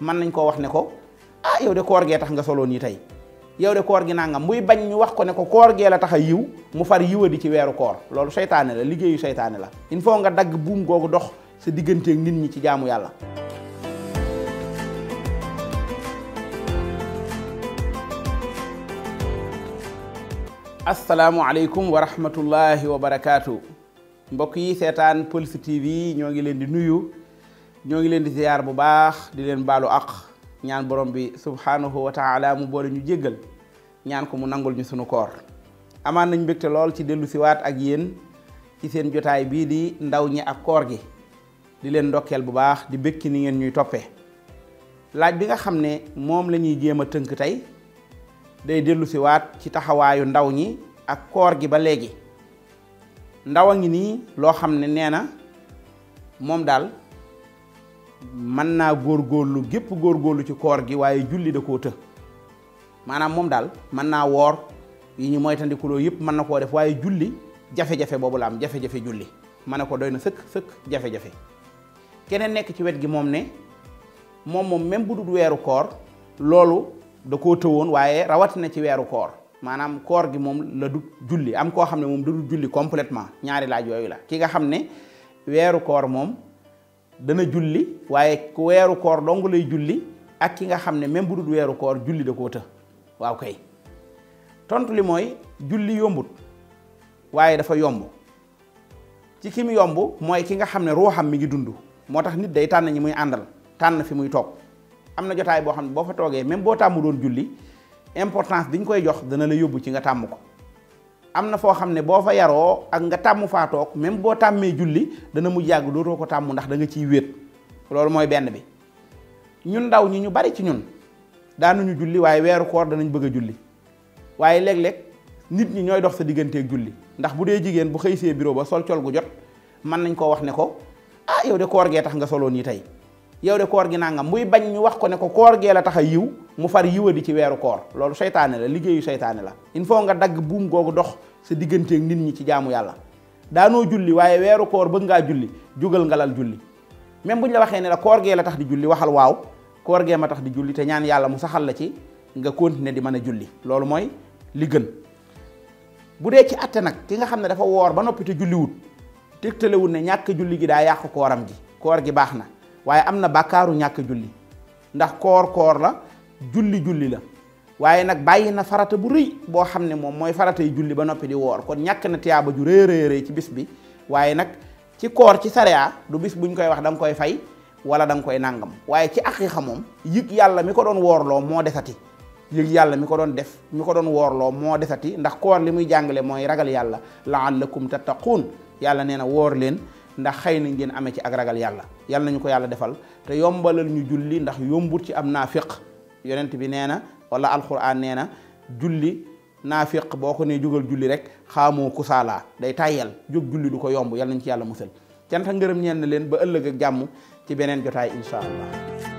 mën nañ koo wax ne ko ah yow de koor gee tax nga solo nii tey yow de koor gi nangam muy bañ ñu wax ko ne ko koor gee la tax a yiw mu far yiwa di ci weeru koor loolu seytaane la liggéeyu seytaane la il nga dagg buum googu dox sa digganteek nit ñi ci jaamu yàlla asalaamualeykum wa rahmatullahi wa mbokk yi seetaan Pulsi TV ñoo ngi leen di nuyu ñoo ngi leen di ziyaar bu baax di leen baalu ak ñaan borom bi subhaanahu wa taala mu boole ñu jéggal ñaan ko mu nangul ñu sunu koor amaan nañ mbégte lool ci dellu siwaat ak yéen ci seen jotaay bii di ndaw ñi ak koor gi di leen ndokkeel bu baax di békki ni ngeen ñuy toppee laaj bi nga xam ne moom lañuy ñuy jéem a tënk tey day dellu siwaat ci taxawaayu ndaw ñi ak koor gi ba léegi ndaw a ngi nii loo xam ne nee na moom daal mën naa góor góorlu gépp góor góorlu ci koor gi waaye julli da koo të maanaam moom daal mën naa woor yi ñu moytandikuloo yëpp mën na koo def waaye julli jafe-jafe boobu la am jafe-jafe julli ma ne ko doy sëkk sëkk jafe-jafe keneen nekk ci wet gi moom ne moom moom même bu dul weeru koor loolu da koo tëwoon waaye rawatina ci weeru koor maanaam koor gi moom la du julli am koo xam ne moom da du julli completement ñaari laaj yooyu la ki nga xam ne weeru koor moom dana julli waaye ku weeru koor dong lay julli ak ki nga xam ne même bu dul weeru koor julli da koo të waaw kay tontu li mooy julli yombut waaye dafa yomb ci ki mu yomb mooy ki nga xam ne ruuxam mi ngi dund moo tax nit day tànn ñi muy àndal tànn fi muy toog am na jotaay boo xam ne boo fa toogee même boo tàmmu doon julli importance bi koy jox dana la yóbbu ci nga tàmm ko am na foo xam ne boo fa yaroo ak nga tàmm faa toog même boo tàmmee julli dana mujj yàgg dootoo ko tàmm ndax da ciy wéet loolu mooy benn bi ñun ndaw ñi ñu bari ci ñun daanuñu julli waaye weeru koor danañ bëgg a julli waaye léeg-léeg nit ñi ñooy dox sa digganteeg julli ndax bu dee jigéen bu xëy see biro ba sol col gu jot mën nañ koo wax ne ko ah yow de koor gee tax nga soloon yi tey yow de koor gi nangam muy bañ ñu wax ko ne ko koor ge la taxay yiw mu far yiwa di ci wéru koor loolu shaytané la liggéeyu shaytané la il faut nga dag buum gogu dox sa ak nit ñi ci jaamu yàlla daanoo julli waye wéru koor bëgg nga julli jugal nga lal julli même buñ la waxé ne la koor ge la tax di julli waxal waaw koor ge ma tax di julli té ñaan yalla mu saxal la ci nga continuer di mëna julli loolu moy li gën bu dee ci atté nak ki nga xamné dafa woor ba noppi te julliwut tegtalewul ne ñàkk julli gi da yaq kooram gi koor gi baxna waaye am na bàkkaaru ñàkk julli ndax koor koor la julli julli la waaye nag bàyyi na farata bu rëy boo xam ne moom mooy faratay julli ba noppi di woor kon ñàkk na tiyaaba ju rëy rëy ci bis bi waaye nag ci koor ci sariya du bis buñ koy wax da nga koy fay wala danga koy nàngam waaye ci aqiqa moom yëg yàlla mi ko doon woorloo moo desati yëg yàlla mi ko doon def mi ko doon woorloo moo desati ndax koor li muy jàngale mooy ragal yàlla laallakum tattaquun yàlla nee na woor leen ndax xëy na ngeen amee ci ak ragal yàlla yàlla nañu ko yàlla defal te yombalal ñu julli ndax yombut ci am naafiq yonent bi nee na wala alquran nee na julli naafiq boo ko nee jógal julli rek xaamoo kusaalaa day tàyyal jóg julli du ko yomb yàlla nañ ci yàlla musal canta ngërëm ñeen na leen ba ëllëg ak jàmm ci beneen jotaay incha allah